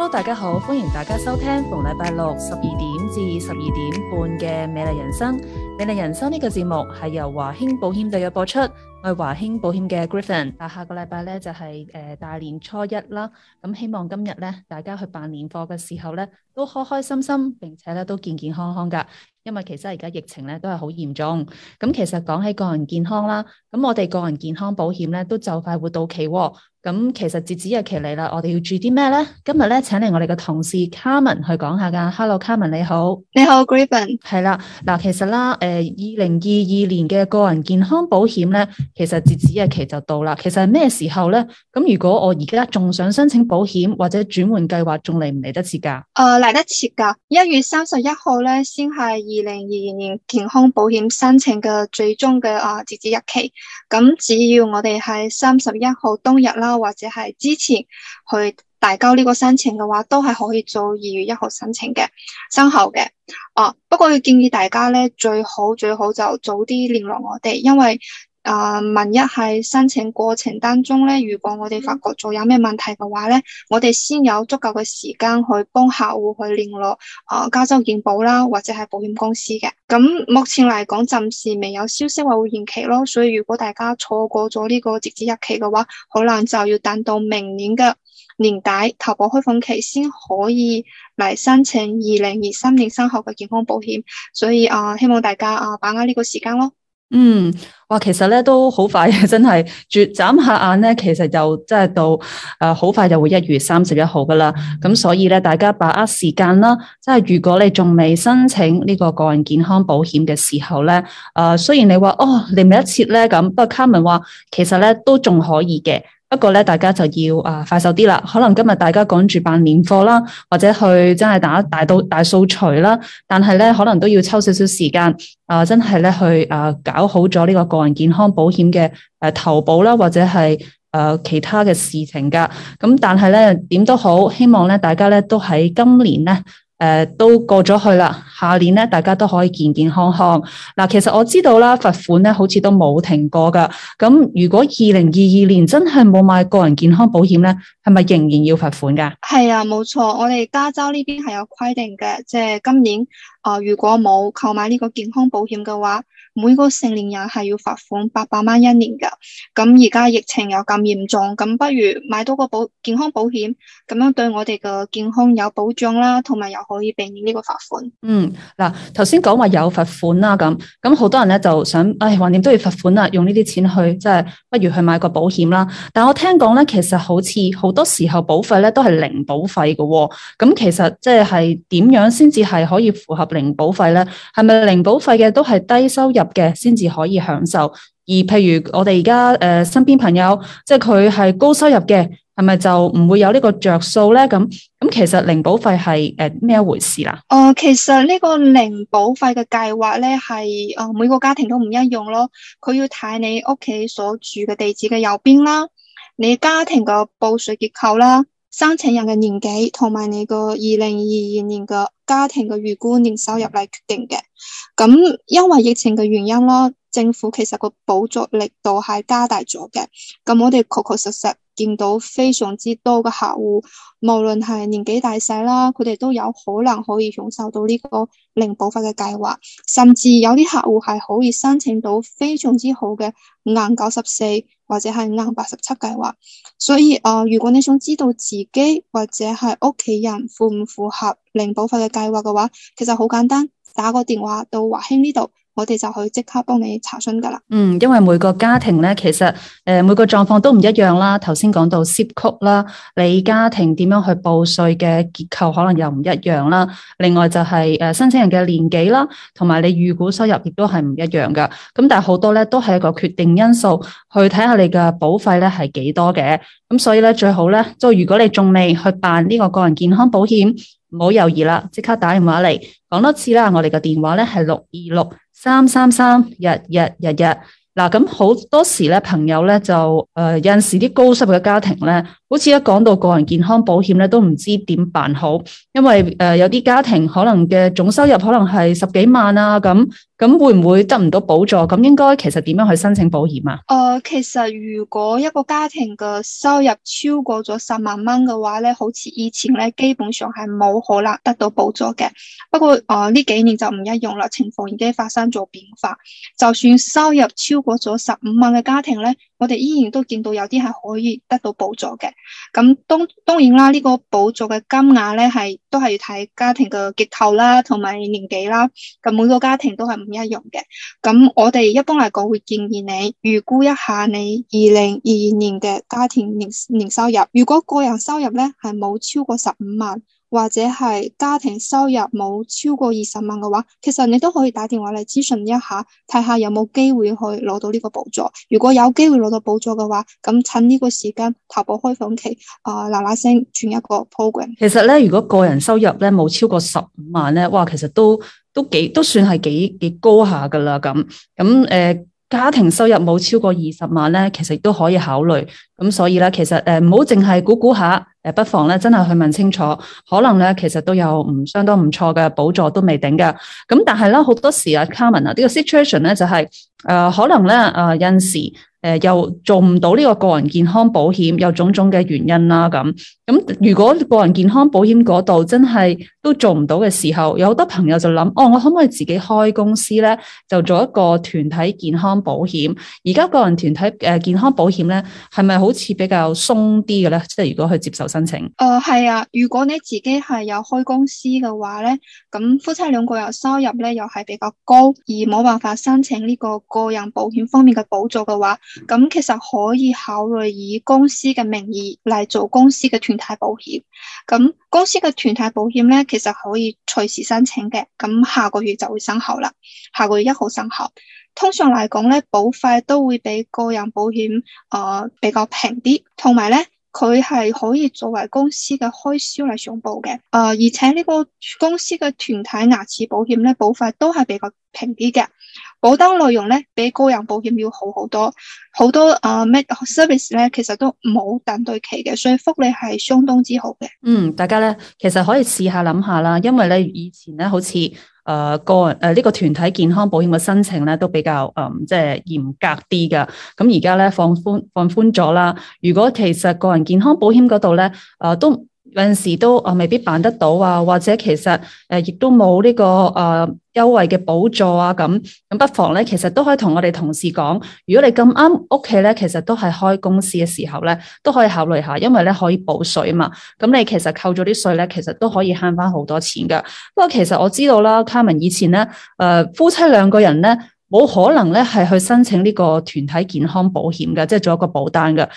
Hello，大家好，歡迎大家收聽逢禮拜六十二點至十二點半嘅《美麗人生》。《美麗人生》呢個節目係由華興保險特約播出。係華興保險嘅 Griffin，啊，下個禮拜咧就係、是、誒、呃、大年初一啦，咁、嗯、希望今日咧大家去辦年貨嘅時候咧都開開心心，並且咧都健健康康噶，因為其實而家疫情咧都係好嚴重，咁、嗯、其實講起個人健康啦，咁、嗯、我哋個人健康保險咧都就快會到期、啊，咁、嗯、其實截止日期嚟啦，我哋要注意啲咩咧？今日咧請嚟我哋嘅同事 Carmen 去講下噶，Hello Carmen 你好，你好 Griffin，係啦，嗱其實啦，誒二零二二年嘅個人健康保險咧。其實截止日期就到啦。其實係咩時候咧？咁如果我而家仲想申請保險或者轉換計劃，仲嚟唔嚟得切噶？誒嚟、呃、得切噶！一月三十一號咧，先係二零二二年健康保險申請嘅最終嘅誒截止日期。咁只要我哋喺三十一號當日啦，或者係之前去遞交呢個申請嘅話，都係可以做二月一號申請嘅生效嘅。哦、啊，不過要建議大家咧，最好最好就早啲聯絡我哋，因為，啊，萬、呃、一係申請過程當中咧，如果我哋發覺咗有咩問題嘅話咧，我哋先有足夠嘅時間去幫客戶去聯絡啊、呃、加州健保啦，或者係保險公司嘅。咁目前嚟講，暫時未有消息話會延期咯，所以如果大家錯過咗呢個截止日期嘅話，可能就要等到明年嘅年底投保開放期先可以嚟申請二零二三年生效嘅健康保險。所以啊、呃，希望大家啊、呃、把握呢個時間咯。嗯，哇，其實呢都好快的，真係，絕眨下眼呢，其實就真係到誒，呃，好快就會一月三十一號噶啦咁所以呢，大家把握時間啦。即係如果你仲未申請呢個個人健康保險嘅時候呢，誒、呃，雖然你話哦，嚟唔切咧，咁不過卡文話其實呢都仲可以嘅。不過咧，大家就要啊快手啲啦。可能今日大家趕住辦年貨啦，或者去真係打大刀大掃除啦。但係咧，可能都要抽少少時間啊、呃，真係咧去啊、呃、搞好咗呢個個人健康保險嘅誒投保啦，或者係誒、呃、其他嘅事情噶。咁但係咧，點都好，希望咧大家咧都喺今年咧，呃、都過咗去啦，下年呢大家都可以健健康康。嗱、呃，其實我知道啦，罰款呢好似都冇停過嘅。咁如果二零二二年真係冇買個人健康保險呢，係咪仍然要罰款噶？係啊，冇錯，我哋加州呢邊係有規定嘅，即係今年啊，呃，如果冇購買呢個健康保險嘅話，每個成年人係要罰款八百蚊一年噶。咁而家疫情又咁嚴重，咁不如買多個保健康保險，咁樣對我哋嘅健康有保障啦，同埋又可以避免呢個罰款。嗯，嗱，頭先講話有罰款啦，咁咁好多人咧就想，唉，橫掂都要罰款啦，用呢啲錢去，即係不如去買個保險啦。但我聽講咧，其實好似好。多時候保費咧都係零保費嘅。哦，咁其實即係點樣先至係可以符合零保費咧？係咪零保費嘅都係低收入嘅先至可以享受？而譬如我哋而家誒身邊朋友，即係佢係高收入嘅，係咪就唔會有呢個着數咧？咁咁其實零保費係誒咩一回事啦？哦、呃，其實呢個零保費嘅計劃咧係誒每個家庭都唔一樣咯，佢要睇你屋企所住嘅地址嘅右邊啦，你家庭嘅報稅結構啦，申請人嘅年紀同埋你個二零二二年個家庭個預估年收入嚟決定嘅。咁、嗯、因為疫情嘅原因咯，政府其實個補助力度係加大咗嘅。咁、嗯、我哋確確實實見到非常之多嘅客戶，無論係年紀大細啦，佢哋都有可能可以享受到呢個零保費嘅計劃，甚至有啲客戶係可以申請到非常之好嘅硬九十四或者係硬八十七計劃。所以，誒、呃，如果你想知道自己或者係屋企人符唔符合零保費嘅計劃嘅話，其實好簡單。打個電話到華興呢度，我哋就可以即刻幫你查詢噶啦。嗯，因為每個家庭呢，其實、呃、每個狀況都唔一樣啦。頭先講到 zip code 啦，你家庭點樣去報稅嘅結構可能又唔一樣啦。另外就係申請人嘅年紀啦，同埋你預估收入亦都係唔一樣噶。咁但係好多呢，都係一個決定因素，去睇下你嘅保費呢係幾多嘅。咁所以呢，最好呢，就如果你仲未去辦呢個個人健康保險。唔好猶豫啦，即刻打電話嚟，講多次啦。我哋嘅電話咧係六二六三三三日日日日。嗱，咁好多時咧，朋友咧就，誒，有陣時啲高收入嘅家庭咧，好似一講到個人健康保險咧，都唔知點辦好，因為有啲家庭可能嘅總收入可能係十幾萬啊咁會唔會得唔到補助？咁應該其實點樣去申請保險啊？誒，其實如果一個家庭嘅收入超過咗十萬蚊嘅話咧，好似以前咧，基本上係冇可能得到補助嘅。不過誒呢、呃、幾年就唔一樣啦，情況已經發生咗變化。就算收入超過咗十五萬嘅家庭咧。我哋依然都見到有啲係可以得到補助嘅，咁當當然啦，這個、補呢個補助嘅金額咧係都係要睇家庭嘅結構啦，同埋年紀啦，咁每個家庭都係唔一樣嘅。咁我哋一般嚟講會建議你預估一下你二零二二年嘅家庭年年收入，如果個人收入咧係冇超過十五萬。或者係家庭收入冇超過二十萬嘅話，其實你都可以打電話嚟諮詢一下，睇下有冇機會去攞到呢個補助。如果有機會攞到補助嘅話，咁趁呢個時間投保開放期，啊嗱嗱聲轉一個 program。其實咧，如果個人收入咧冇超過十五萬咧，哇，其實都都幾都算係幾幾高下噶啦咁咁誒。家庭收入冇超過二十萬呢，其實都可以考慮。咁所以呢，其實誒唔好淨係估估下、呃，不妨咧真係去問清楚。可能呢，其實都有唔相當唔錯嘅補助都未定嘅。咁但係呢，好多時啊卡文 r m 呢個 situation 就係，是呃、可能呢，有、呃、因時。誒、呃，又做唔到呢個個人健康保險，有種種嘅原因啦咁。咁如果個人健康保險嗰度真係都做唔到嘅時候，有好多朋友就諗，哦，我可唔可以自己開公司咧，就做一個團體健康保險？而家個人團體誒健康保險咧，係咪好似比較鬆啲嘅咧？即係如果去接受申請，誒係啊，如果你自己係有開公司嘅話咧，咁夫妻兩個又收入咧又係比較高，而冇辦法申請呢個個人保險方面嘅補助嘅話。咁其實可以考慮以公司嘅名義嚟做公司嘅團體保險。咁公司嘅團體保險咧，其實可以隨時申請嘅。咁下個月就會生效啦，下個月一號生效。通常嚟講咧，保費都會比個人保險誒、呃、比較平啲，同埋咧佢係可以作為公司嘅開銷嚟上報嘅。誒、呃，而且呢個公司嘅團體牙齒保險咧，保費都係比較平啲嘅。保單內容咧，比個人保險要好好多，好多誒咩 service 咧其實都冇等待期嘅，所以福利係相當之好嘅。嗯，大家咧其實可以試下諗下啦，因為咧以前咧好似誒、呃、這個人誒呢個團體健康保險嘅申請咧都比較嗯，即係嚴格啲㗎，咁而家咧放寬放寬咗啦。如果其實個人健康保險嗰度咧誒都。有陣時都啊未必辦得到啊，或者其實誒亦都冇呢個誒、呃、優惠嘅補助啊，咁咁不妨咧，其實都可以同我哋同事講，如果你咁啱屋企咧，其實都係開公司嘅時候咧，都可以考慮下，因為咧可以補稅啊嘛。咁你其實扣咗啲稅咧，其實都可以慳返好多錢嘅。不過其實我知道啦，Carmen 以前咧誒、呃、夫妻兩個人咧冇可能咧係去申請呢個團體健康保險嘅，即係做一個保單嘅。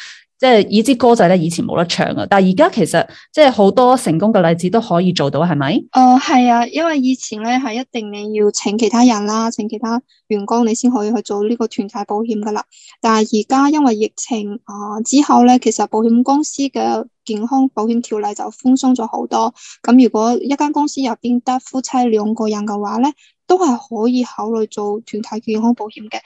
即係以支歌仔咧，以前冇得唱啊！但係而家其實即係好多成功嘅例子都可以做到，係咪？誒係、呃、啊，因為以前咧係一定你要請其他人啦，請其他員工你先可以去做呢個團體保險噶啦。但係而家因為疫情啊、呃、之後咧，其實保險公司嘅健康保險條例就寬鬆咗好多。咁如果一間公司入邊得夫妻兩個人嘅話咧，都係可以考慮做團體健康保險嘅。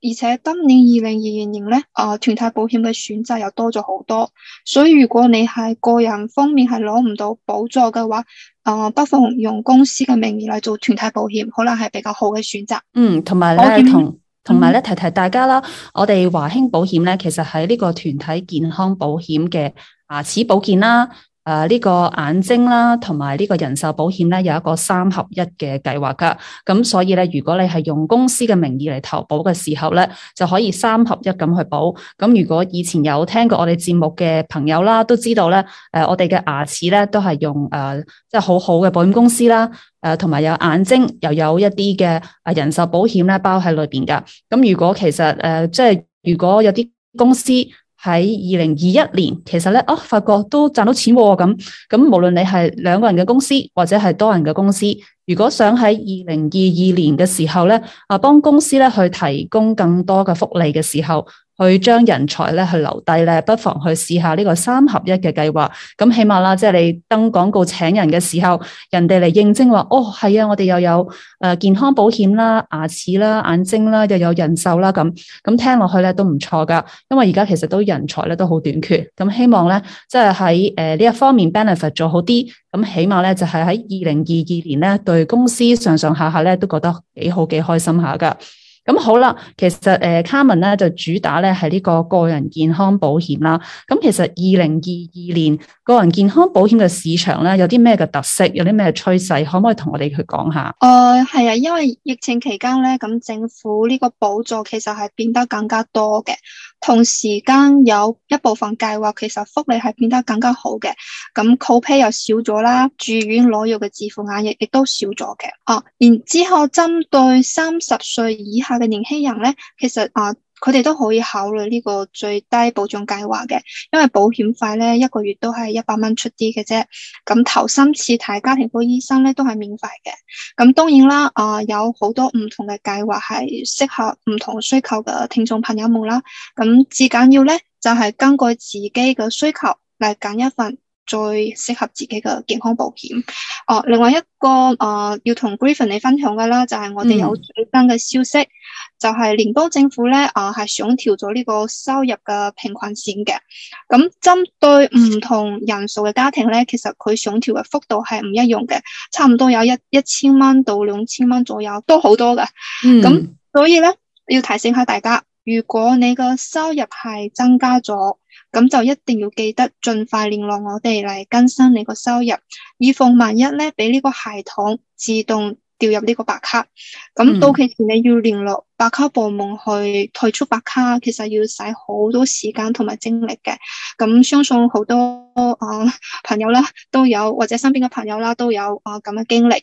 而且今年二零二二年咧，啊，團體保險嘅選擇又多咗好多，所以如果你係個人方面係攞唔到補助嘅話，啊，呃，不妨用公司嘅名義嚟做團體保險，可能係比較好嘅選擇。嗯，呢保險，同埋咧同同埋咧提提大家啦，嗯，我哋華興保險咧，其實喺呢個團體健康保險嘅牙齒保健啦。啊！呢、這個眼睛啦，同埋呢個人壽保險咧，有一個三合一嘅計劃㗎。咁所以咧，如果你係用公司嘅名義嚟投保嘅時候咧，就可以三合一咁去保。咁如果以前有聽過我哋節目嘅朋友啦，都知道咧，誒、啊、我哋嘅牙齒咧都係用誒即係好好嘅保險公司啦。誒同埋有眼睛，又有一啲嘅誒人壽保險咧包喺裏邊㗎。咁如果其實誒即係如果有啲公司。喺二零二一年，其實呢，啊、哦，發覺都賺到錢喎，咁咁，無論你係兩個人嘅公司，或者係多人嘅公司，如果想喺二零二二年嘅時候呢，啊，幫公司呢去提供更多嘅福利嘅時候。去將人才咧去留低咧，不妨去試下呢個三合一嘅計劃。咁起碼啦，即係你登廣告請人嘅時候，人哋嚟應徵話：哦，係啊，我哋又有誒健康保險啦、牙齒啦、眼睛啦，又有人壽啦咁。咁聽落去咧都唔錯噶，因為而家其實都人才咧都好短缺。咁希望咧，即係喺誒呢一方面 benefit 咗好啲。咁起碼咧就係喺二零二二年咧，對公司上上下下咧都覺得幾好幾開心下噶。咁好啦，其實誒卡文咧就主打咧係呢個個人健康保險啦。咁其實二零二二年個人健康保險嘅市場咧有啲咩嘅特色，有啲咩趨勢，可唔可以同我哋去講下？誒係啊，因為疫情期間咧，咁政府呢個補助其實係變得更加多嘅，同時間有一部分計劃其實福利係變得更加好嘅。咁 copay 又少咗啦，住院攞藥嘅自付額亦亦都少咗嘅。哦、啊，然之後針對三十歲以下嘅年輕人咧，其實啊，佢、呃、哋都可以考慮呢個最低保障計劃嘅，因為保險費咧一個月都係一百蚊出啲嘅啫。咁頭三次睇家庭科醫生咧都係免費嘅。咁當然啦，啊、呃、有好多唔同嘅計劃係適合唔同需求嘅聽眾朋友們啦。咁至緊要咧就係、是、根據自己嘅需求嚟揀一份最適合自己嘅健康保險。哦、啊，另外一個誒、呃，要同 Griffin 你分享嘅啦，就係、是、我哋有最新嘅消息，嗯、就係聯邦政府咧，啊係上調咗呢個收入嘅貧困綫嘅。咁針對唔同人數嘅家庭咧，其實佢上調嘅幅度係唔一樣嘅，差唔多有一一千蚊到兩千蚊左右，都好多嘅。嗯。咁所以咧，要提醒下大家。如果你個收入係增加咗，咁就一定要記得盡快聯絡我哋嚟更新你個收入，以防萬一咧，俾呢個系統自動掉入呢個白卡。咁到期時你要聯絡白卡部門去退出白卡，其實要使好多時間同埋精力嘅。咁相信好多啊、呃、朋友啦，都有或者身邊嘅朋友啦都有啊咁嘅經歷。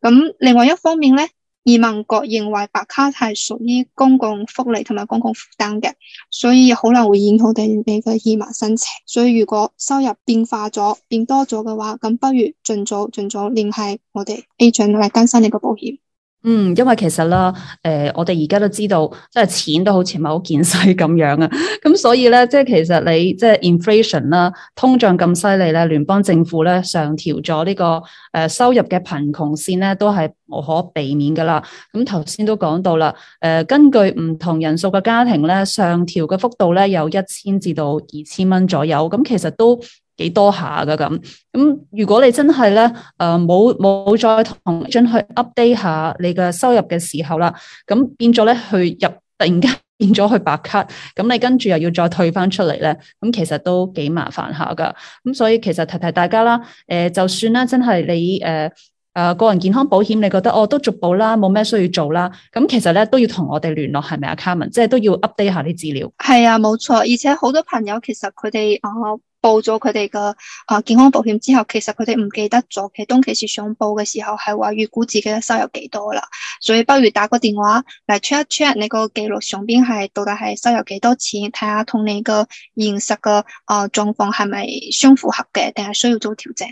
咁另外一方面咧，移民局認為白卡係屬於公共福利同埋公共負擔嘅，所以好難會影響我哋你嘅移民申請。所以如果收入變化咗、變多咗嘅話，咁不如盡早、盡早聯繫我哋 agent 嚟更新你個保險。嗯，因為其實啦，誒、呃，我哋而家都知道，即係錢都好似唔係好見使咁樣啊，咁、嗯、所以咧，即係其實你即係 inflation 啦，通脹咁犀利咧，聯邦政府咧上調咗呢、這個誒、呃、收入嘅貧窮綫咧，都係無可避免噶啦。咁頭先都講到啦，誒、呃，根據唔同人數嘅家庭咧，上調嘅幅度咧有一千至到二千蚊左右，咁、嗯、其實都。幾多下噶咁咁？如果你真係咧，誒，冇冇再同進去 update 下你嘅收入嘅時候啦，咁變咗咧去入，突然間變咗去白卡，咁你跟住又要再退翻出嚟咧，咁其實都幾麻煩下噶。咁所以其實提提大家啦，誒、呃，就算啦，真係你誒誒個人健康保險，你覺得我、哦、都逐步啦，冇咩需要做啦，咁其實咧都要同我哋聯絡係咪啊卡文，是是 Carmen，即係都要 update 下啲資料。係啊，冇錯，而且好多朋友其實佢哋啊。哦報咗佢哋嘅啊健康保險之後，其實佢哋唔記得咗，其實當其時想報嘅時候係話預估自己嘅收入幾多啦，所以不如打個電話嚟 check 一 check 你個記錄上邊係到底係收入幾多錢，睇下同你個現實嘅啊狀況係咪相符合嘅，定係需要做調整。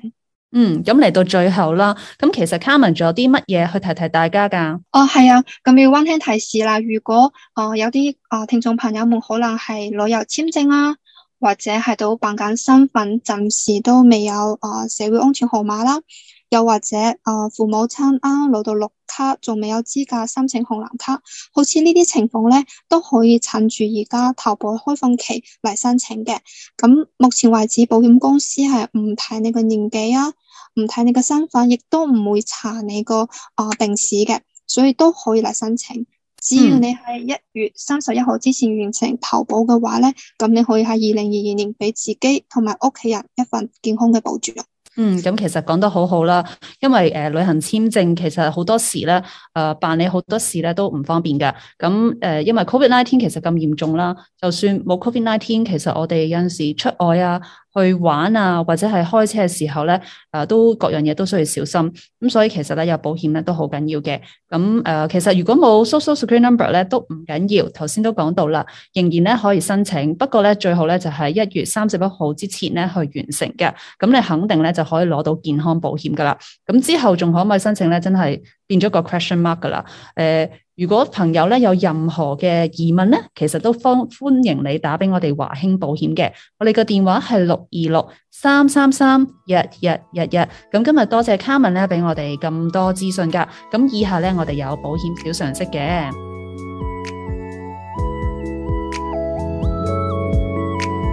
嗯，咁嚟到最後啦，咁其實 Carman 仲有啲乜嘢去提提大家㗎？哦，係啊，咁要温馨提示啦，如果啊、呃、有啲啊聽眾朋友們可能係旅遊簽證啦、啊。或者係到辦緊身份，暫時都未有啊、呃、社會安全號碼啦，又或者啊、呃、父母親啱、啊、啱攞到綠卡，仲未有資格申請紅藍卡，好似呢啲情況咧，都可以趁住而家投保開放期嚟申請嘅。咁目前為止，保險公司係唔睇你個年紀啊，唔睇你個身份，亦都唔會查你個啊病史嘅，所以都可以嚟申請。只要你喺一月三十一號之前完成投保嘅話咧，咁你可以喺二零二二年俾自己同埋屋企人一份健康嘅保障。嗯，咁其實講得好好啦，因為誒旅行簽證其實好多時咧，誒、呃、辦理好多事咧都唔方便嘅。咁誒、呃、因為 Covid nineteen 其實咁嚴重啦，就算冇 Covid nineteen，其實我哋有陣時出外啊。去玩啊，或者係開車嘅時候咧，誒、啊、都各樣嘢都需要小心。咁所以其實咧有保險咧都好緊要嘅。咁誒、呃、其實如果冇 social security number 咧都唔緊要，頭先都講到啦，仍然咧可以申請。不過咧最好咧就喺、是、一月三十一號之前咧去完成嘅。咁你肯定咧就可以攞到健康保險噶啦。咁之後仲可唔可以申請咧？真係變咗個 question mark 噶啦。誒、呃。如果朋友咧有任何嘅疑問咧，其實都歡歡迎你打俾我哋華興保險嘅，我哋嘅電話係六二六三三三一一一一。咁今日多謝 Carmen 咧，俾我哋咁多資訊噶。咁以下咧，我哋有保險小常識嘅。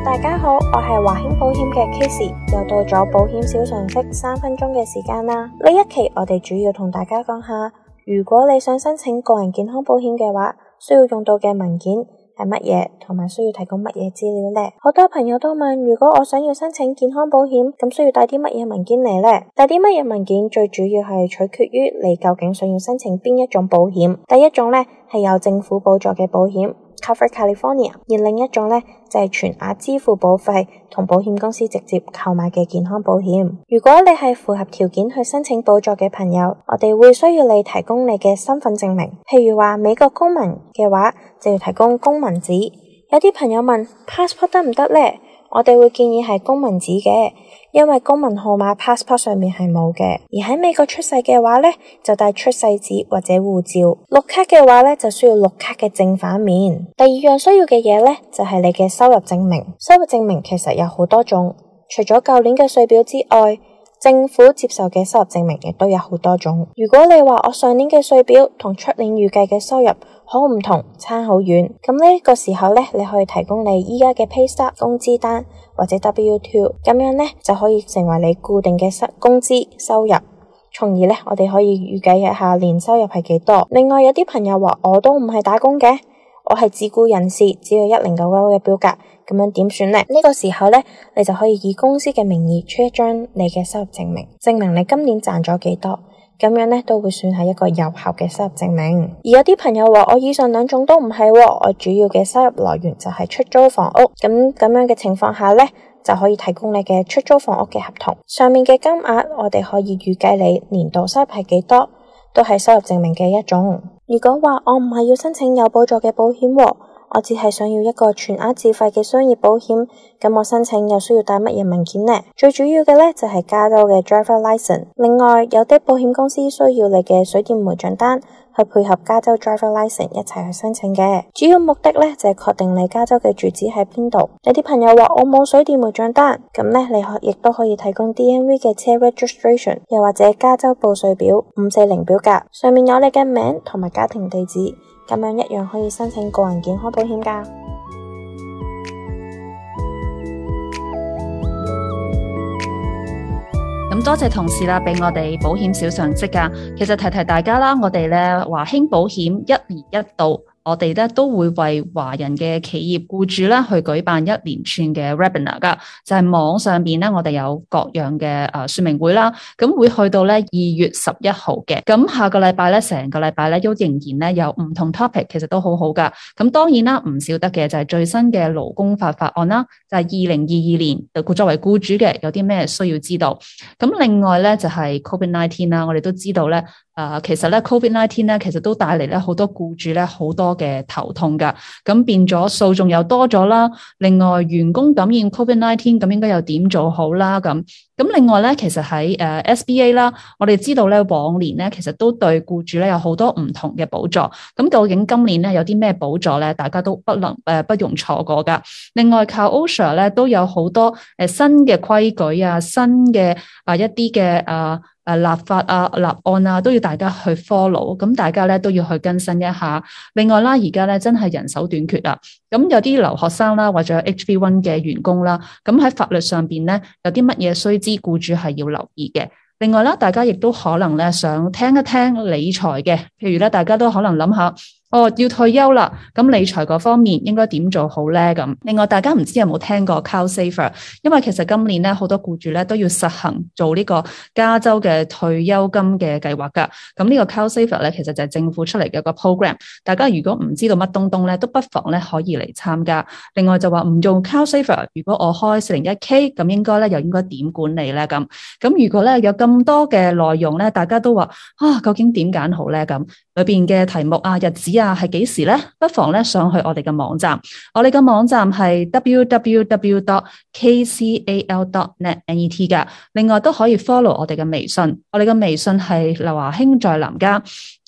大家好，我係華興保險嘅 Kissy，又到咗保險小常識三分鐘嘅時間啦。呢一期我哋主要同大家講下，如果你想申請個人健康保險嘅話，需要用到嘅文件係乜嘢，同埋需要提供乜嘢資料呢？好多朋友都問，如果我想要申請健康保險，咁需要帶啲乜嘢文件嚟呢？帶啲乜嘢文件最主要係取決於你究竟想要申請邊一種保險。第一種呢，係有政府補助嘅保險。而另一種呢，就係、是、全額支付保費同保險公司直接購買嘅健康保險。如果你係符合條件去申請補助嘅朋友，我哋會需要你提供你嘅身份證明，譬如話美國公民嘅話就要提供公民紙。有啲朋友問 Passport 得唔得呢？我哋會建議係公民紙嘅。因為公民號碼 Passport 上面係冇嘅，而喺美國出世嘅話咧，就帶出世紙或者護照。綠卡嘅話咧，就需要綠卡嘅正反面。第二樣需要嘅嘢咧，就係你嘅收入證明。收入證明其實有好多種，除咗舊年嘅稅表之外，政府接受嘅收入證明亦都有好多種。如果你話我上年嘅稅表同出年預計嘅收入好唔同，差好遠，咁呢個時候咧，你可以提供你而家嘅 payslip 工資單。或者 W two 咁樣呢，就可以成為你固定嘅收工資收入，從而呢，我哋可以預計一下年收入係幾多。另外有啲朋友話，我都唔係打工嘅，我係自雇人士，只有一零九九嘅表格，咁樣點算呢？呢個時候呢，你就可以以公司嘅名義出一張你嘅收入證明，證明你今年賺咗幾多。咁樣呢都會算係一個有效嘅收入證明。而有啲朋友話我以上兩種都唔係，哦，我主要嘅收入來源就係出租房屋。咁咁樣嘅情況下呢，就可以提供你嘅出租房屋嘅合同。上面嘅金額我哋可以預計你年度收入係幾多，都係收入證明嘅一種。如果話我唔係要申請有補助嘅保險，哦。我只係想要一個全額自費嘅商業保險，咁我申請又需要帶乜嘢文件呢？最主要嘅呢，就係加州嘅 driver license。另外，有啲保險公司需要你嘅水電煤賬單去配合加州 driver license 一齊去申請嘅。主要目的呢，就係確定你加州嘅住址喺邊度。有啲朋友話我冇水電煤賬單，咁呢，你亦都可以提供 DMV 嘅車 registration，又或者加州報稅表五四零表格，上面有你嘅名同埋家庭地址。咁樣一樣可以申請個人健康保險噶。咁多謝同事啦，俾我哋保險小常識噶。其實提提大家啦，我哋呢華興保險一年一度。我哋咧都會為華人嘅企業僱主咧去舉辦一連串嘅 webinar 噶，就係網上邊咧，我哋有各樣嘅誒説明會啦。咁會去到咧二月十一號嘅，咁下個禮拜咧成個禮拜咧都仍然咧有唔同 topic，其實都好好噶。咁當然啦，唔少得嘅就係最新嘅勞工法法案啦，就係二零二二年，就作為僱主嘅有啲咩需要知道。咁另外咧就係 COVID-19 啦，我哋都知道咧。啊，其實咧，COVID nineteen 咧，其實都帶嚟咧好多僱主咧好多嘅頭痛噶，咁變咗訴訟又多咗啦。另外，員工感染 COVID nineteen，咁應該又點做好啦？咁咁另外咧，其實喺誒 SBA 啦，我哋知道咧，往年咧其實都對僱主咧有好多唔同嘅補助。咁究竟今年咧有啲咩補助咧，大家都不能誒不容錯過噶。另外，靠 OSHA 咧都有好多誒新嘅規矩啊，新嘅啊一啲嘅啊，誒立法啊、立案啊，都要大家去 follow，咁大家咧都要去更新一下。另外啦，而家咧真係人手短缺啦，咁有啲留學生啦，或者有 H-1B 嘅員工啦，咁喺法律上邊咧有啲乜嘢須知，僱主係要留意嘅。另外啦，大家亦都可能咧想聽一聽理財嘅，譬如咧大家都可能諗下。哦，要退休啦，咁理財嗰方面應該點做好咧？咁另外大家唔知有冇聽過 CalSaver，因為其實今年咧好多僱主咧都要實行做呢個加州嘅退休金嘅計劃㗎。咁呢個 CalSaver 咧其實就係政府出嚟嘅一個 program。大家如果唔知道乜東東咧，都不妨咧可以嚟參加。另外就話唔用 CalSaver，如果我開 401k，咁應該咧又應該點管理咧？咁咁如果咧有咁多嘅內容咧，大家都話啊，究竟點揀好咧？咁裏邊嘅題目啊、日子啊。啊，係幾時咧？不妨咧上去我哋嘅網站，我哋嘅網站係 w w w. dot k c a l. dot n e t 噶。另外都可以 follow 我哋嘅微信，我哋嘅微信係劉華興在南加，誒、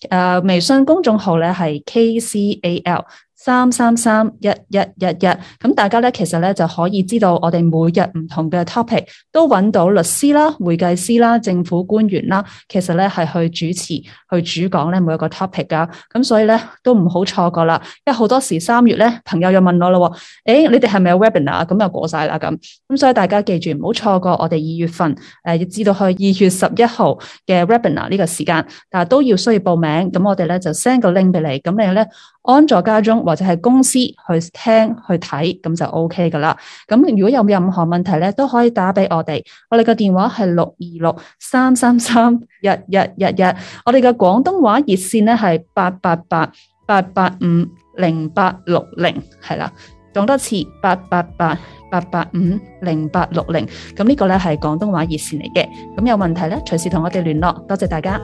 呃，微信公眾號咧係 k c a l。三三三一一一一，咁大家咧，其實咧就可以知道我哋每日唔同嘅 topic 都揾到律師啦、會計師啦、政府官員啦，其實咧係去主持、去主講咧每一個 topic 㗎。咁所以咧都唔好錯過啦，因為好多時三月咧，朋友又問我咯，誒、欸，你哋係咪有 webinar？咁又過晒啦咁。咁所以大家記住唔好錯過我哋二月份誒，至、呃、到去二月十一號嘅 webinar 呢個時間，但係都要需要報名。咁我哋咧就 send 個 link 俾你，咁你咧。安坐家中或者係公司去聽去睇咁就 O K 噶啦。咁如果有任何問題咧，都可以打俾我哋。我哋嘅電話係六二六三三三一一一一。1，我哋嘅廣東話熱線呢係八八八八八五零八六零，係啦，講多次八八八八八五零八六零。咁呢個咧係廣東話熱線嚟嘅。咁有問題咧，隨時同我哋聯絡。多謝大家。